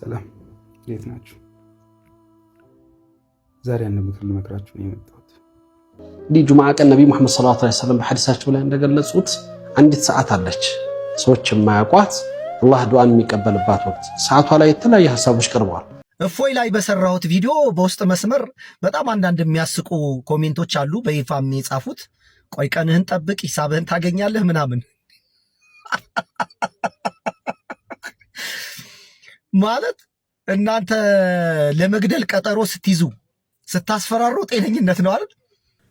ሰላም እንዴት ናችሁ? ዛሬ አንድ ምክር ልመክራችሁ ነው የመጣሁት። እንዲህ ጁምዓ ቀን ነቢ መሐመድ ሰለላሁ ዐለይሂ ወሰለም በሐዲሳቸው ላይ እንደገለጹት አንዲት ሰዓት አለች፣ ሰዎች የማያውቋት አላህ ዱዓን የሚቀበልባት ወቅት። ሰዓቷ ላይ የተለያዩ ሀሳቦች ቀርበዋል። እፎይ ላይ በሰራሁት ቪዲዮ በውስጥ መስመር በጣም አንዳንድ የሚያስቁ ኮሜንቶች አሉ፣ በይፋ የጻፉት ቆይ ቀንህን ጠብቅ ሂሳብህን ታገኛለህ ምናምን ማለት እናንተ ለመግደል ቀጠሮ ስትይዙ ስታስፈራሩ ጤነኝነት ነው አይደል?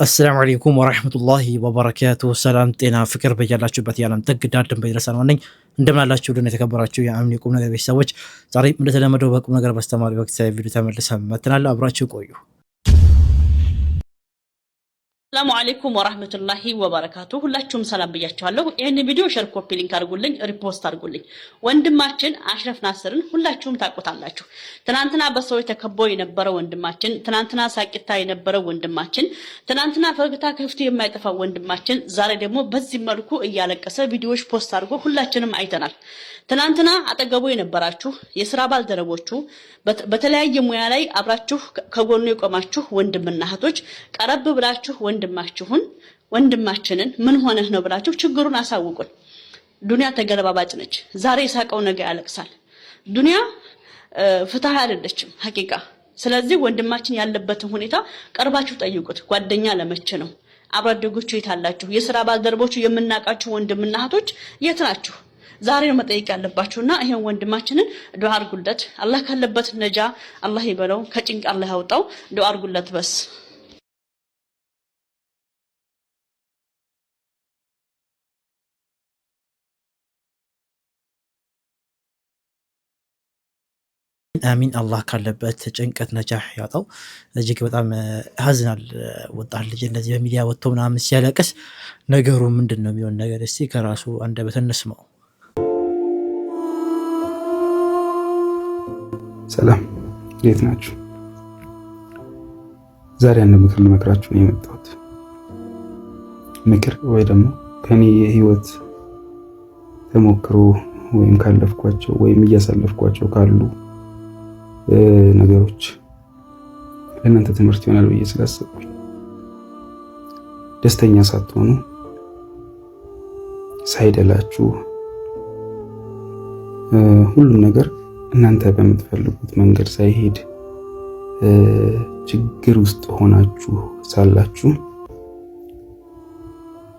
አሰላሙ አለይኩም ወራህመቱላሂ ወበረካቱ። ሰላም ጤና ፍቅር በያላችሁበት የዓለም ጥግ ዳር ድንበር ይድረሰን ዋነኝ እንደምናላችሁ ልን የተከበራችሁ የአምኒ ቁም ነገር ቤት ሰዎች ዛሬ እንደተለመደው በቁም ነገር በአስተማሪ ወቅት ቪዲዮ ተመልሰን መጥተናል። አብራችሁ ቆዩ። ሰላሙ አሌይኩም ወራህመቱላሂ ወበረካቱ። ሁላችሁም ሰላም ብያችኋለሁ። ይህን ቪዲዮ ሸር፣ ኮፒ ሊንክ አድርጉልኝ፣ ሪፖስት አድርጉልኝ። ወንድማችን አሽረፍ ናስርን ሁላችሁም ታውቁታላችሁ። ትናንትና በሰዎች ተከቦ የነበረው ወንድማችን፣ ትናንትና ሳቂታ የነበረው ወንድማችን፣ ትናንትና ፈገግታ ከፊቱ የማይጠፋው ወንድማችን ዛሬ ደግሞ በዚህ መልኩ እያለቀሰ ቪዲዮዎች ፖስት አድርጎ ሁላችንም አይተናል። ትናንትና አጠገቡ የነበራችሁ የስራ ባልደረቦቹ፣ በተለያየ ሙያ ላይ አብራችሁ ከጎኑ የቆማችሁ ወንድምና እህቶች ቀረብ ብላችሁ ወንድማችሁን ወንድማችንን ምን ሆነህ ነው ብላችሁ ችግሩን አሳውቁን። ዱንያ ተገለባባጭ ነች። ዛሬ የሳቀው ነገ ያለቅሳል። ዱንያ ፍትሃ አይደለችም ሀቂቃ። ስለዚህ ወንድማችን ያለበትን ሁኔታ ቀርባችሁ ጠይቁት። ጓደኛ ለመቼ ነው? አብሮ አደጎቹ የት አላችሁ? የስራ ባልደረቦቹ የምናውቃችሁ ወንድምና እህቶች የት ናችሁ? ዛሬ ነው መጠየቅ ያለባችሁና ይሄን ወንድማችንን ዱዓ አርጉለት። አላህ ካለበት ነጃ አላህ ይበለው፣ ከጭንቅ አላህ ያውጣው። ዱዓ አርጉለት በስ አሚን አላህ ካለበት ጭንቀት ነጃህ ያጣው እጅግ በጣም ሀዝናል ወጣት ልጅ እንደዚህ በሚዲያ ወጥቶ ምናምን ሲያለቅስ ነገሩ ምንድን ነው የሚሆን ነገር እስቲ ከራሱ አንደበት እንስማው። ሰላም እንዴት ናችሁ? ዛሬ አንድ ምክር ልመክራችሁ ነው የመጣሁት። ምክር ወይ ደግሞ ከኔ የህይወት ተሞክሮ ወይም ካለፍኳቸው ወይም እያሳለፍኳቸው ካሉ ነገሮች ለእናንተ ትምህርት ይሆናል ብዬ ስላሰብኩኝ ደስተኛ ሳትሆኑ ሳይደላችሁ ሁሉም ነገር እናንተ በምትፈልጉት መንገድ ሳይሄድ ችግር ውስጥ ሆናችሁ ሳላችሁ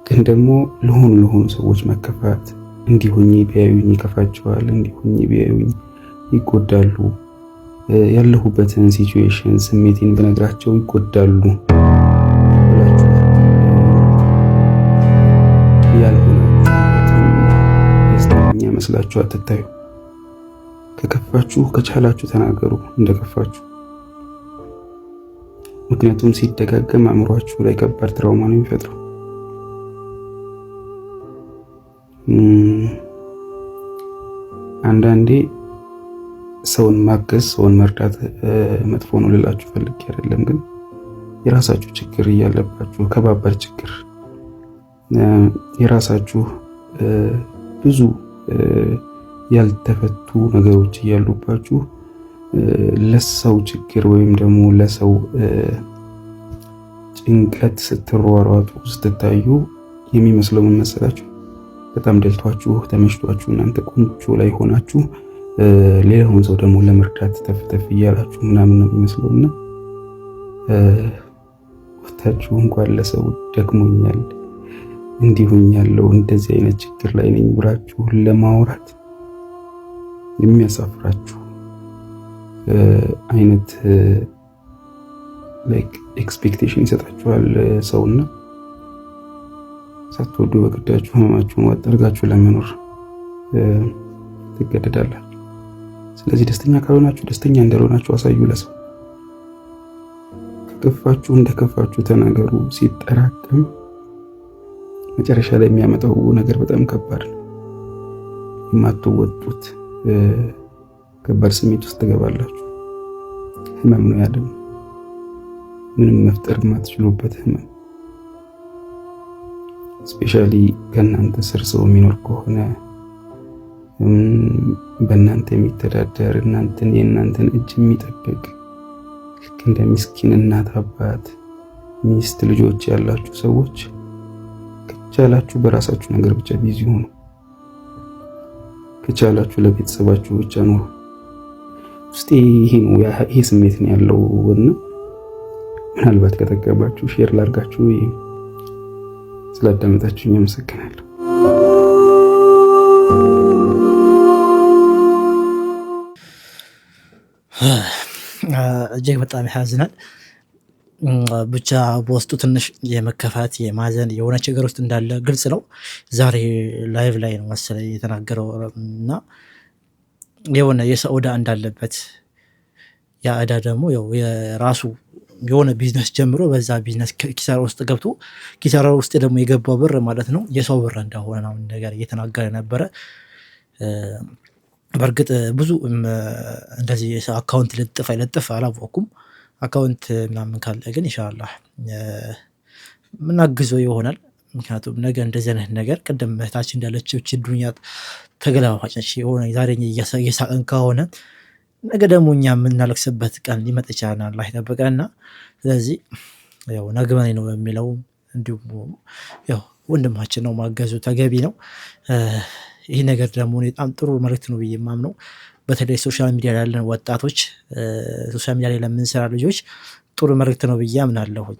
ግን ደግሞ ለሆኑ ለሆኑ ሰዎች መከፋት እንዲሆኝ ቢያዩኝ ይከፋቸዋል፣ እንዲሁኝ ቢያዩኝ ይጎዳሉ ያለሁበትን ሲቹዌሽን ስሜቴን ብነግራቸው ይጎዳሉ። ያልሆነ መስላችሁ አትታዩ። ከከፋችሁ ከቻላችሁ ተናገሩ እንደከፋችሁ። ምክንያቱም ሲደጋገም አእምሯችሁ ላይ ከባድ ትራውማ ነው የሚፈጥረው። አንዳንዴ ሰውን ማገዝ ሰውን መርዳት መጥፎ ነው ልላችሁ ፈልጌ አይደለም። ግን የራሳችሁ ችግር እያለባችሁ ከባባድ ችግር የራሳችሁ ብዙ ያልተፈቱ ነገሮች እያሉባችሁ ለሰው ችግር ወይም ደግሞ ለሰው ጭንቀት ስትሯሯጡ ስትታዩ የሚመስለው ምን መሰላችሁ? በጣም ደልቷችሁ ተመችቷችሁ እናንተ ቆንጆ ላይ ሆናችሁ ሌላውን ሰው ደግሞ ለመርዳት ተፍተፍ እያላችሁ ምናምን ነው የሚመስለው እና ወታችሁ እንኳን ለሰው ደክሞኛል እንዲሁኝ ያለው እንደዚህ አይነት ችግር ላይ ነኝ ብላችሁን ለማውራት የሚያሳፍራችሁ አይነት ኤክስፔክቴሽን ይሰጣችኋል ሰውና ሳትወዱ በግዳችሁ ህመማችሁን ዋጥ አድርጋችሁ ለመኖር ትገደዳላችሁ። ስለዚህ ደስተኛ ካልሆናችሁ ደስተኛ እንዳልሆናችሁ አሳዩ። ለሰው ከከፋችሁ እንደከፋችሁ ተናገሩ። ሲጠራቀም መጨረሻ ላይ የሚያመጣው ነገር በጣም ከባድ ነው። የማትወጡት ከባድ ስሜት ውስጥ ትገባላችሁ። ህመም ነው ያለው ምንም መፍጠር የማትችሉበት ህመም። ስፔሻሊ ከእናንተ ስር ሰው የሚኖር ከሆነ በእናንተ የሚተዳደር እናንተን የእናንተን እጅ የሚጠብቅ ልክ እንደ ምስኪን እናት፣ አባት፣ ሚስት፣ ልጆች ያላችሁ ሰዎች ከቻላችሁ በራሳችሁ ነገር ብቻ ቢዚ ሆኑ። ከቻላችሁ ለቤተሰባችሁ ብቻ ኖሩ። ውስጤ ይሄ ነው ይሄ ስሜት ነው ያለው እና ምናልባት ከጠቀባችሁ ሼር ላርጋችሁ። ስላዳመጣችሁኝ አመሰግናለሁ። እጅግ በጣም ያሳዝናል። ብቻ በውስጡ ትንሽ የመከፋት የማዘን የሆነ ችግር ውስጥ እንዳለ ግልጽ ነው። ዛሬ ላይቭ ላይ ነው መሰለኝ የተናገረው እና የሆነ የሰው ዕዳ እንዳለበት ያ ዕዳ ደግሞ የራሱ የሆነ ቢዝነስ ጀምሮ በዛ ቢዝነስ ኪሳራ ውስጥ ገብቶ ኪሳራ ውስጥ ደግሞ የገባው ብር ማለት ነው የሰው ብር እንደሆነ ነው ነገር እየተናገረ ነበረ። በእርግጥ ብዙ እንደዚህ አካውንት ልጥፍ አይለጥፍ አላወቅኩም። አካውንት ምናምን ካለ ግን ኢንሻላህ ምናግዘው ይሆናል። ምክንያቱም ነገ እንደዚህ አይነት ነገር ቅድም እህታችን እንዳለችው ዱኛ ተገለባባጭ የሆነ ዛሬ እየሳቅን ከሆነ ነገ ደግሞ እኛ የምናለቅስበት ቀን ሊመጣ ይችላል። አላህ ይጠብቀንና ስለዚህ ያው ነግበኔ ነው የሚለው እንዲሁም ያው ወንድማችን ነው ማገዙ ተገቢ ነው። ይህ ነገር ደግሞ በጣም ጥሩ መልክት ነው ብዬ የማምነው በተለይ ሶሻል ሚዲያ ላይ ወጣቶች፣ ሶሻል ሚዲያ ላይ ለምንሰራ ልጆች ጥሩ መልክት ነው ብዬ አምናለሁኝ።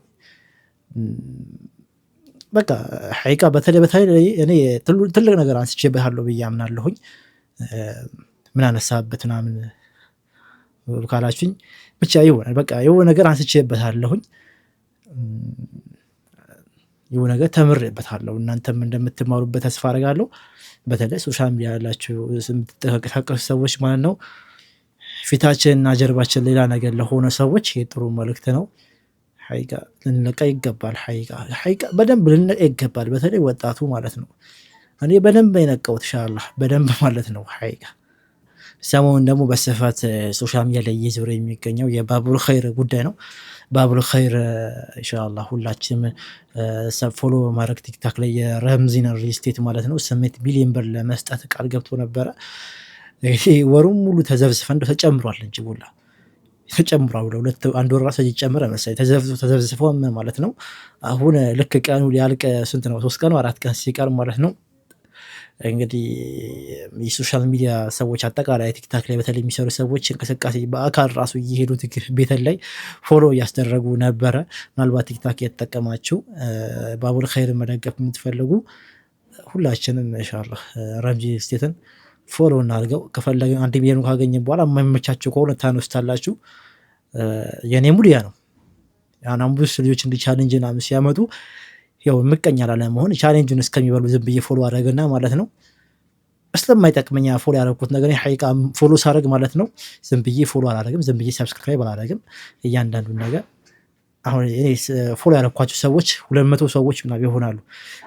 በቃ ሐቂቃ በተለይ በተለይ እኔ ትልቅ ነገር አንስቼበታለሁ ብዬ አምናለሁኝ። ምን አነሳበት ምናምን ካላችሁኝ ብቻ ይሆናል በቃ የሆነ ነገር አንስቼበታለሁኝ። ይሁ ነገር ተምሬበታለሁ። እናንተም እንደምትማሩበት ተስፋ አደርጋለሁ። በተለይ ሶሻል ሚዲያ ያላችሁ የምትንቀሳቀሱ ሰዎች ማለት ነው ፊታችን እና ጀርባችን ሌላ ነገር ለሆነ ሰዎች የጥሩ መልእክት ነው። ሀይቃ ልንነቃ ይገባል። ሀይቃ በደንብ ልንነቃ ይገባል። በተለይ ወጣቱ ማለት ነው። እኔ በደንብ የነቃሁት ሻላ በደንብ ማለት ነው ሀይቃ ሰሞኑን ደግሞ በስፋት ሶሻል ሚዲያ ላይ እየዞረ የሚገኘው የባቡል ኸይር ጉዳይ ነው። ባቡል ኸይር ኢንሻላህ ሁላችንም ፎሎ ማድረግ ቲክታክ ላይ የረምዚን ሪልስቴት ማለት ነው ስምንት ቢሊዮን ብር ለመስጠት ቃል ገብቶ ነበረ። ወሩም ሙሉ ተዘብዝፈ እንደ ተጨምሯል እንጂ ቡላ ተጨምሯል ብለ ሁለት አንድ ወር ራሱ ጨምረ መሰለኝ ተዘብዝፎም ማለት ነው። አሁን ልክ ቀኑ ሊያልቅ ስንት ነው? ሶስት ቀን አራት ቀን ሲቀር ማለት ነው እንግዲህ የሶሻል ሚዲያ ሰዎች አጠቃላይ ቲክታክ ላይ በተለይ የሚሰሩ ሰዎች እንቅስቃሴ በአካል ራሱ እየሄዱ ቤተን ላይ ፎሎ እያስደረጉ ነበረ። ምናልባት ቲክታክ የተጠቀማችሁ ባቡል ኸይር መደገፍ የምትፈልጉ ሁላችንም እንሻላ ረምዚ ስቴትን ፎሎ እናድርገው። ከፈለገ አንድ ሚሊዮን ካገኘ በኋላ የማይመቻቸው ከሆነ ታነስታላችሁ። የእኔ ሙሉ ነው። አሁን ልጆች እንዲቻልንጅ እንጂ ምናምን ሲያመጡ ያው ምቀኛ ላለመሆን ቻሌንጁን እስከሚበሉ ዝም ብዬ ፎሎ አደረግና ማለት ነው ስለማይጠቅመኛ ፎሎ ያደረግኩት ነገር ሐቂቃ ፎሎ ሳደርግ ማለት ነው ዝም ብዬ ፎሎ አላደረግም፣ ዝም ብዬ ሰብስክራይብ አላደረግም። እያንዳንዱን ነገር አሁን እኔ ፎሎ ያደረኳቸው ሰዎች ሁለት መቶ ሰዎች ምናምን ይሆናሉ።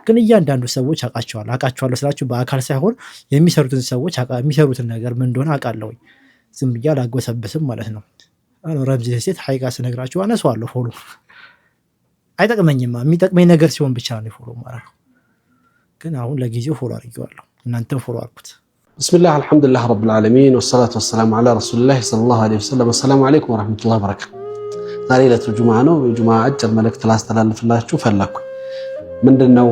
ግን እያንዳንዱ ሰዎች አውቃቸዋለሁ። አውቃቸዋለሁ ስላችሁ በአካል ሳይሆን የሚሰሩትን ሰዎች የሚሰሩትን ነገር ምን እንደሆነ አውቃለሁኝ። ዝም ብዬ አላጎሰብስም ማለት ነው። ረምዚ ሴት ሐቂቃ ስነግራችሁ አነሳዋለሁ ፎሎ አይጠቅመኝም። የሚጠቅመኝ ነገር ሲሆን ብቻ ነው ፎሎ ማረገው። ግን አሁን ለጊዜው ፎሎ አድርጌዋለሁ። እናንተም ፎሎ አድርጉት። ብስሚላህ አልሐምዱሊላህ ረብል ዓለሚን ወሰላቱ ወሰላሙ ዓላ ረሱሊላህ ሰለላሁ ዓለይሂ ወሰለም። አሰላሙ ዓለይኩም ወረሕመቱላሂ ወበረካቱህ። ዛሬ ዕለቱ ጁማ ነው። የጁማ አጭር መልእክት ላስተላልፍላችሁ ፈለግኩ። ምንድን ነው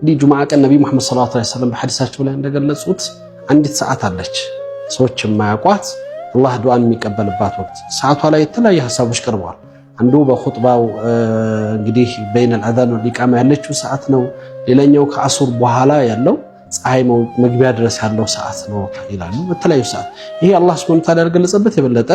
እንዲህ ጁማ ቀን ነቢ ሙሐመድ ሰለላሁ ዓለይሂ ወሰለም በሐዲሳቸው ላይ እንደገለጹት አንዲት ሰዓት አለች ሰዎች የማያውቋት አላህ ዱዓን የሚቀበልባት ወቅት። ሰዓቷ ላይ የተለያዩ ሀሳቦች ቀርበዋል። አንዱ በኹጥባው እንግዲህ በይን አዛን ወልኢቃማ ያለችው ሰዓት ነው። ሌላኛው ከአሱር በኋላ ያለው ፀሐይ መግቢያ ድረስ ያለው ሰዓት ነው ይላሉ። በተለያዩ ሰዓት ይሄ አላህ ሱብሐነሁ ወተዓላ ያልገለጸበት የበለጠ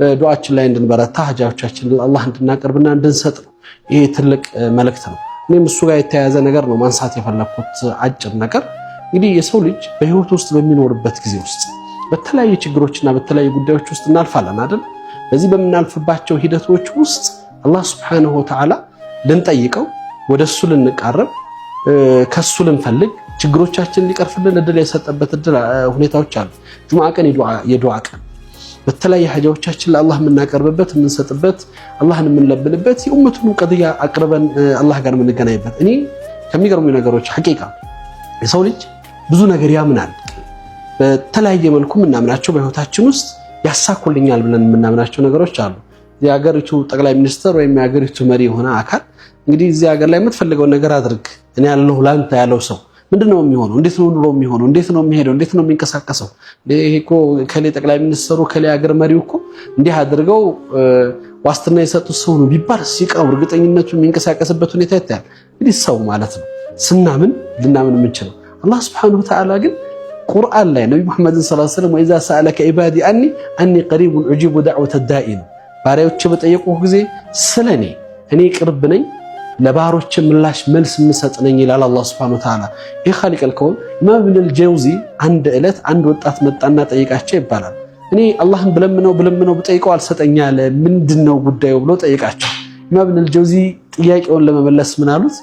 በዱዓችን ላይ እንድንበረታ ሀጃዎቻችን አላህ እንድናቀርብና እንድንሰጥ ነው። ይሄ ትልቅ መልእክት ነው። እኔም እሱ ጋር የተያያዘ ነገር ነው ማንሳት የፈለኩት አጭር ነገር። እንግዲህ የሰው ልጅ በህይወት ውስጥ በሚኖርበት ጊዜ ውስጥ በተለያዩ ችግሮችና በተለያዩ ጉዳዮች ውስጥ እናልፋለን አይደል? በዚህ በምናልፍባቸው ሂደቶች ውስጥ አላህ ስብሓንሁ ወተዓላ ልንጠይቀው ወደ እሱ ልንቃረብ ከሱ ልንፈልግ ችግሮቻችን ሊቀርፍልን እድል የሰጠበት ሁኔታዎች አሉ። ጁምዓ ቀን የዱዓ ቀን በተለያየ ሀጃዎቻችን ለአላህ የምናቀርብበት የምንሰጥበት፣ አላህን የምንለምንበት የኡመቱን ቀድያ አቅርበን አላህ ጋር የምንገናኝበት። እኔ ከሚገርሙ ነገሮች ሐቂቃ የሰው ልጅ ብዙ ነገር ያምናል። በተለያየ መልኩ የምናምናቸው በህይወታችን ውስጥ ያሳኩልኛል ብለን የምናምናቸው ነገሮች አሉ። የሀገሪቱ ጠቅላይ ሚኒስትር ወይም የሀገሪቱ መሪ የሆነ አካል እንግዲህ እዚህ ሀገር ላይ የምትፈልገውን ነገር አድርግ፣ እኔ ያለሁ ላንተ ያለው ሰው ምንድን ነው የሚሆነው? እንዴት ነው ኑሮ የሚሆነው? እንዴት ነው የሚሄደው? እንዴት ነው የሚንቀሳቀሰው? ይሄ እኮ ከሌ ጠቅላይ ሚኒስትሩ ከሌ ሀገር መሪው እኮ እንዲህ አድርገው ዋስትና የሰጡት ሰው ነው ቢባል ሲቀሩ እርግጠኝነቱ የሚንቀሳቀስበት ሁኔታ ይታያል። እንግዲህ ሰው ማለት ነው ስናምን ልናምን የምንችለው አላህ ስብሐነሁ ተዓላ ግን ቁርአን ላይ ነቢ መሐመድን ስ ስለም ወኢዛ ሰአለከ ኢባዲ አኒ አኒ ቀሪቡን ዑጂቡ ዳዕወተ ዳኢ ነው። ባሪያዎች በጠየቁ ጊዜ ስለ እኔ እኔ ቅርብ ነኝ ለባሮች ምላሽ መልስ የምሰጥ ነኝ ይላል አላህ ሱብሓነሁ ወተዓላ። ይህ ኻሊቀል ከውን ኢማም ኢብኑል ጀውዚ አንድ ዕለት አንድ ወጣት መጣና ጠይቃቸው ይባላል። እኔ አላህን ብለምነው ብለምነው ብጠይቀው አልሰጠኝ አለ። ምንድን ነው ጉዳዩ ብሎ ጠይቃቸው። ኢማም ኢብኑል ጀውዚ ጥያቄውን ለመመለስ ምን አሉት?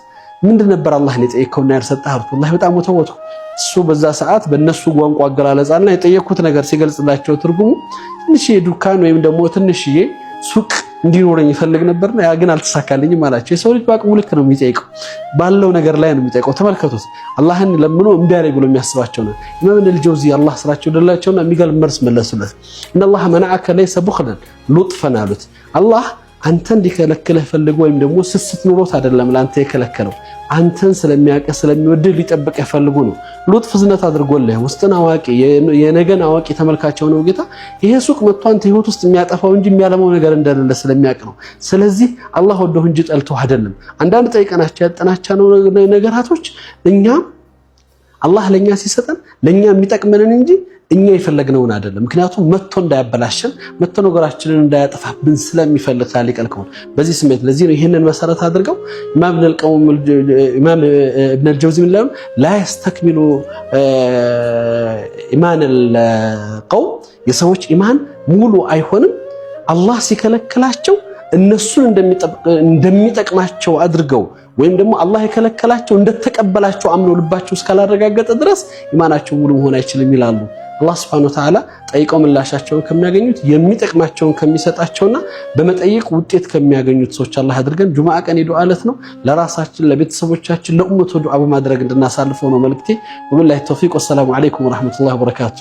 ምንድን ነበር አላህን የጠየቅከውና ያልሰጠህ? አሉት ወላሂ በጣም ወተወቱ እሱ በዛ ሰዓት በእነሱ ቋንቋ አገላለጻና የጠየኩት ነገር ሲገልጽላቸው ትርጉሙ ትንሽዬ ዱካን ወይም ደግሞ ትንሽዬ ሱቅ እንዲኖረኝ ይፈልግ ነበርና ያ ግን አልተሳካልኝም አላቸው። የሰው ልጅ በአቅሙ ልክ ነው የሚጠይቀው፣ ባለው ነገር ላይ ነው የሚጠይቀው። ተመልከቱት፣ አላህን ለምኖ እምቢ አለኝ ብሎ የሚያስባቸው ነው። ኢማም ኢብኑል ጀውዚ አላህ ስራቸው ደላቸውና የሚገርም መልስ መለሱለት። እነ አላህ መናአከ ለይሰ ቡኽለን ሉጥፈን አሉት አላህ አንተን ሊከለክልህ ፈልጎ ወይም ደግሞ ስስት ኑሮት አይደለም ለአንተ የከለከለው አንተን ስለሚያቀ ስለሚወድህ ሊጠብቅ ፈልጉ ነው። ሉጥፍዝነት ዝነት አድርጎልህ ውስጥን አዋቂ የነገን አዋቂ ተመልካቸው ነው ጌታ። ይሄ ሱቅ መጥቶ አንተ ህይወት ውስጥ የሚያጠፋው እንጂ የሚያለመው ነገር እንደሌለ ስለሚያውቅ ነው። ስለዚህ አላህ ወደሁ እንጂ ጠልቶ አይደለም። አንዳንድ ጠይቀናቸው ነው ነገራቶች እኛ አላህ ለእኛ ሲሰጠን ለእኛ የሚጠቅመንን እንጂ እኛ የፈለግነውን አይደለም። ምክንያቱም መጥቶ እንዳያበላሽን መጥቶ ነገራችንን እንዳያጠፋብን ስለሚፈልግ ኻሊቅ አልከውን በዚህ ስሜት ለዚህ ነው ይህንን መሰረት አድርገው ኢማም እብነል ጀውዚ ምን ላሉ ኢማን አልቀውም የሰዎች ኢማን ሙሉ አይሆንም አላህ ሲከለክላቸው እነሱን እንደሚጠቅማቸው አድርገው ወይም ደግሞ አላህ የከለከላቸው እንደተቀበላቸው አምኖ ልባቸው እስካላረጋገጠ ድረስ ኢማናቸው ሙሉ መሆን አይችልም ይላሉ። አላህ ስብሐነሁ ወተዓላ ጠይቀው ምላሻቸውን ከሚያገኙት የሚጠቅማቸውን ከሚሰጣቸውና በመጠየቅ ውጤት ከሚያገኙት ሰዎች አላህ አድርገን። ጁማአ ቀን የዱዓ ዕለት ነው። ለራሳችን ለቤተሰቦቻችን፣ ለኡመቱ ዱዓ በማድረግ እንድናሳልፈው ነው መልእክቴ። ወቢላሂ ተውፊቅ። ወሰላሙ አለይኩም ወረሕመቱላሂ ወበረካቱ።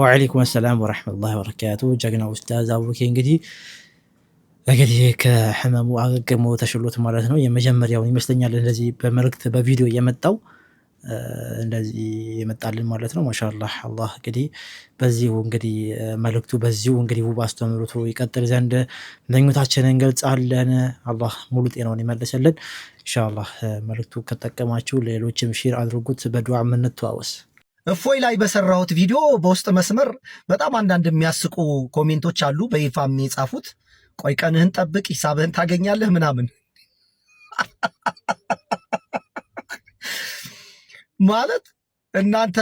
ወአለይኩም ሰላም ወረሕመቱላሂ ወበረካቱ። ጀግና ኡስታዝ አቡኪ እንግዲህ እንግዲህ ከሕመሙ አገግሞ ተሽሎት ማለት ነው። የመጀመሪያውን ይመስለኛል እንደዚህ በመልእክት በቪዲዮ የመጣው እንደዚህ የመጣልን ማለት ነው። ማሻላ አላህ እንግዲህ በዚሁ እንግዲህ መልእክቱ በዚሁ እንግዲህ ውብ አስተምሮቱ ይቀጥል ዘንድ ምኞታችንን እንገልጻለን። አላህ ሙሉ ጤናውን ይመልስልን እንሻላ መልእክቱ ከጠቀማችሁ ሌሎችም ሼር አድርጉት፣ በዱዓ የምንተዋወስ። እፎይ ላይ በሰራሁት ቪዲዮ በውስጥ መስመር በጣም አንዳንድ የሚያስቁ ኮሜንቶች አሉ፣ በይፋ የጻፉት ቆይ ቀንህን ጠብቅ ሂሳብህን ታገኛለህ ምናምን ማለት እናንተ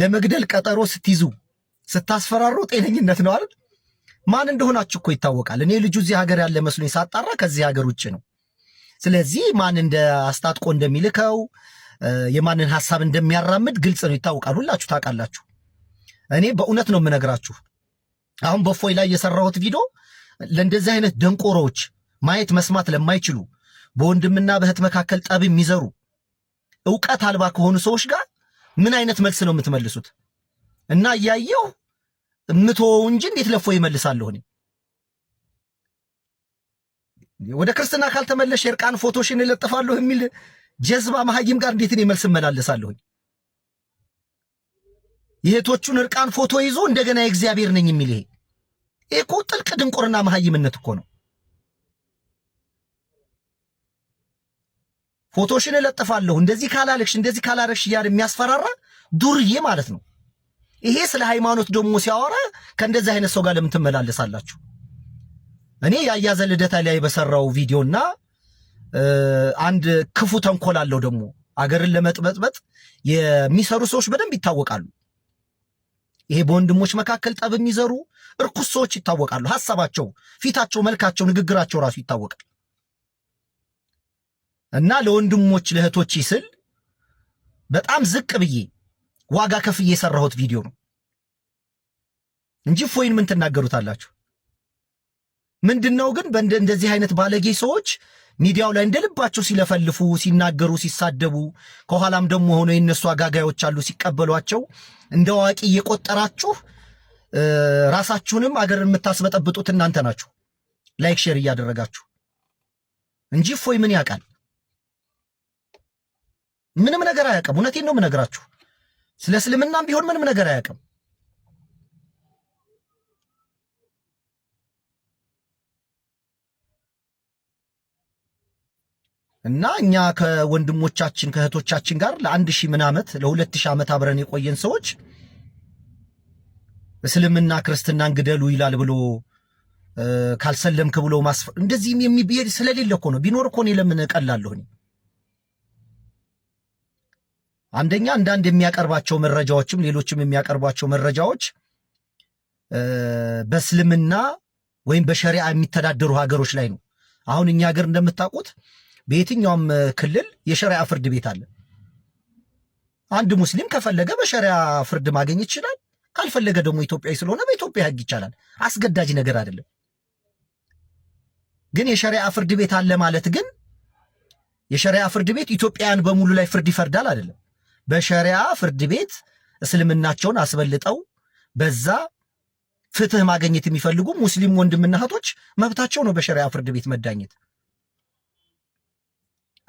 ለመግደል ቀጠሮ ስትይዙ ስታስፈራሩ ጤነኝነት ነው አይደል? ማን እንደሆናችሁ እኮ ይታወቃል። እኔ ልጁ እዚህ ሀገር ያለ መስሎኝ ሳጣራ ከዚህ ሀገር ውጭ ነው። ስለዚህ ማን እንደ አስታጥቆ እንደሚልከው የማንን ሀሳብ እንደሚያራምድ ግልጽ ነው፣ ይታወቃል። ሁላችሁ ታውቃላችሁ። እኔ በእውነት ነው የምነግራችሁ። አሁን በፎይ ላይ የሰራሁት ቪዲዮ ለእንደዚህ አይነት ደንቆሮዎች ማየት መስማት ለማይችሉ በወንድምና በእህት መካከል ጠብ የሚዘሩ እውቀት አልባ ከሆኑ ሰዎች ጋር ምን አይነት መልስ ነው የምትመልሱት? እና እያየው ምትወው እንጂ እንዴት ለፎ ይመልሳለሁ? እኔ ወደ ክርስትና ካልተመለሽ የእርቃን ፎቶሽን እለጥፋለሁ የሚል ጀዝባ መሀይም ጋር እንዴት እኔ መልስ እመላለሳለሁኝ? የእህቶቹን እርቃን ፎቶ ይዞ እንደገና የእግዚአብሔር ነኝ የሚል ይሄ እኮ ጥልቅ ድንቁርና መሀይምነት እኮ ነው። ፎቶሽን እለጥፋለሁ እንደዚህ ካላለሽ እንደዚህ ካላረግሽ እያለ የሚያስፈራራ ዱርዬ ማለት ነው። ይሄ ስለ ሃይማኖት ደግሞ ሲያወራ ከእንደዚህ አይነት ሰው ጋር ለምን ትመላለሳላችሁ? እኔ ያያዘ ልደታ ላይ በሰራው ቪዲዮና አንድ ክፉ ተንኮል አለው ደግሞ አገርን ለመጥበጥበጥ የሚሰሩ ሰዎች በደንብ ይታወቃሉ። ይሄ በወንድሞች መካከል ጠብ የሚዘሩ እርኩስ ሰዎች ይታወቃሉ። ሀሳባቸው፣ ፊታቸው፣ መልካቸው፣ ንግግራቸው ራሱ ይታወቃል። እና ለወንድሞች ለእህቶች ስል በጣም ዝቅ ብዬ ዋጋ ከፍዬ የሰራሁት ቪዲዮ ነው እንጂ ፎይን ምን ትናገሩታላችሁ? ምንድነው ግን እንደዚህ አይነት ባለጌ ሰዎች ሚዲያው ላይ እንደልባቸው ሲለፈልፉ፣ ሲናገሩ፣ ሲሳደቡ ከኋላም ደግሞ ሆኖ የእነሱ አጋጋዮች አሉ ሲቀበሏቸው እንደ አዋቂ እየቆጠራችሁ ራሳችሁንም አገር የምታስበጠብጡት እናንተ ናችሁ ላይክ ሼር እያደረጋችሁ እንጂ ፎይ ምን ያውቃል? ምንም ነገር አያውቅም። እውነቴን ነው የምነግራችሁ። ስለ እስልምናም ቢሆን ምንም ነገር አያውቅም። እና እኛ ከወንድሞቻችን ከእህቶቻችን ጋር ለአንድ ሺህ ምን ዓመት ለሁለት ሺህ ዓመት አብረን የቆየን ሰዎች እስልምና ክርስትናን ግደሉ ይላል ብሎ ካልሰለምክ ብሎ ማስፈ እንደዚህም ስለሌለ እኮ ነው። ቢኖር እኮ እኔ ለምን እቀላለሁ? አንደኛ አንዳንድ የሚያቀርባቸው መረጃዎችም ሌሎችም የሚያቀርቧቸው መረጃዎች በእስልምና ወይም በሸሪዓ የሚተዳደሩ ሀገሮች ላይ ነው። አሁን እኛ ሀገር እንደምታውቁት በየትኛውም ክልል የሸሪዓ ፍርድ ቤት አለ። አንድ ሙስሊም ከፈለገ በሸሪ ፍርድ ማግኘት ይችላል። ካልፈለገ ደግሞ ኢትዮጵያዊ ስለሆነ በኢትዮጵያ ሕግ ይቻላል። አስገዳጅ ነገር አይደለም። ግን የሸሪያ ፍርድ ቤት አለ ማለት ግን የሸሪ ፍርድ ቤት ኢትዮጵያውያን በሙሉ ላይ ፍርድ ይፈርዳል አይደለም። በሸሪያ ፍርድ ቤት እስልምናቸውን አስበልጠው በዛ ፍትህ ማግኘት የሚፈልጉ ሙስሊም ወንድምና እህቶች መብታቸው ነው። በሸሪያ ፍርድ ቤት መዳኘት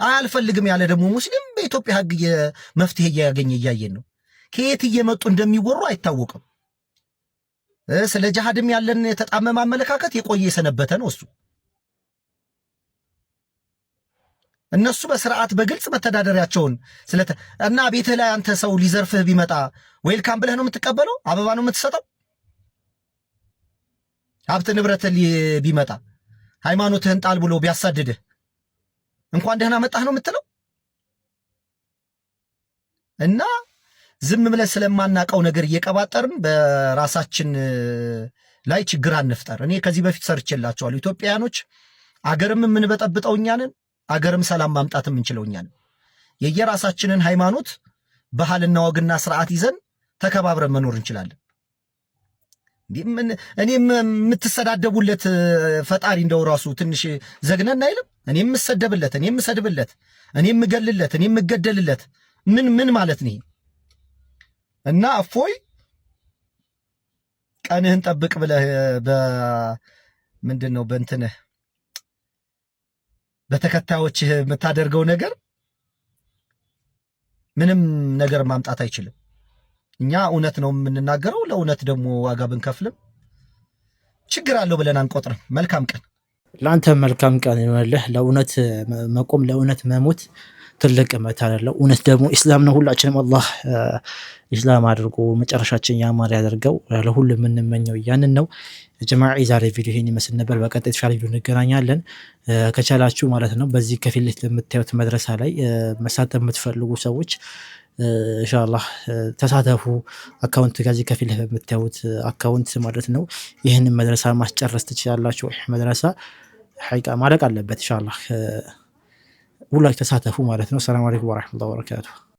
አልፈልግም ያለ ደግሞ ሙስሊም በኢትዮጵያ ሕግ መፍትሄ እያገኘ እያየን ነው። ከየት እየመጡ እንደሚወሩ አይታወቅም። ስለ ጃሃድም ያለን የተጣመመ አመለካከት የቆየ የሰነበተ ነው እሱ እነሱ በስርዓት በግልጽ መተዳደሪያቸውን እና ቤትህ ላይ አንተ ሰው ሊዘርፍህ ቢመጣ ዌልካም ብለህ ነው የምትቀበለው? አበባ ነው የምትሰጠው? ሀብት ንብረትህ ቢመጣ ሃይማኖትህን ጣል ብሎ ቢያሳድድህ እንኳን ደህና መጣህ ነው የምትለው? እና ዝም ብለን ስለማናቀው ነገር እየቀባጠርን በራሳችን ላይ ችግር አንፍጠር። እኔ ከዚህ በፊት ሰርቼላቸዋለሁ። ኢትዮጵያውያኖች አገርም የምንበጠብጠው እኛንን አገርም ሰላም ማምጣት የምንችለው እኛ ነው። የየራሳችንን ሃይማኖት፣ ባህልና ወግና ስርዓት ይዘን ተከባብረን መኖር እንችላለን። እኔም የምትሰዳደቡለት ፈጣሪ እንደው ራሱ ትንሽ ዘግነን አይልም? እኔ የምሰደብለት፣ እኔ የምሰድብለት፣ እኔ የምገልለት፣ እኔ የምገደልለት ምን ምን ማለት ነው? እና እፎይ ቀንህን ጠብቅ ብለህ በምንድን ነው በእንትንህ በተከታዮች የምታደርገው ነገር ምንም ነገር ማምጣት አይችልም። እኛ እውነት ነው የምንናገረው። ለእውነት ደግሞ ዋጋ ብንከፍልም ችግር አለው ብለን አንቆጥርም። መልካም ቀን ለአንተ፣ መልካም ቀን ይመልህ። ለእውነት መቆም ለእውነት መሞት ትልቅ እምነት አለው። እውነት ደግሞ ኢስላም ነው። ሁላችንም አላህ ኢስላም አድርጎ መጨረሻችን ያማር ያደርገው ለሁሉ የምንመኘው ያንን ነው። ጀማዓ የዛሬ ቪዲዮ ይህን ይመስል ነበር። በቀጣይ የተሻለ ቪዲዮ እንገናኛለን። ከቻላችሁ ማለት ነው በዚህ ከፊት ለፊት ለምታዩት መድረሳ ላይ መሳተፍ የምትፈልጉ ሰዎች ኢንሻላህ ተሳተፉ። አካውንት ከዚህ ከፊት ለፊት የምታዩት አካውንት ማለት ነው ይህንን መድረሳ ማስጨረስ ትችላላችሁ። መድረሳ ሐቂቃ ማለቅ አለበት ኢንሻላህ ولا اكتساته مالتنا السلام عليكم ورحمه الله وبركاته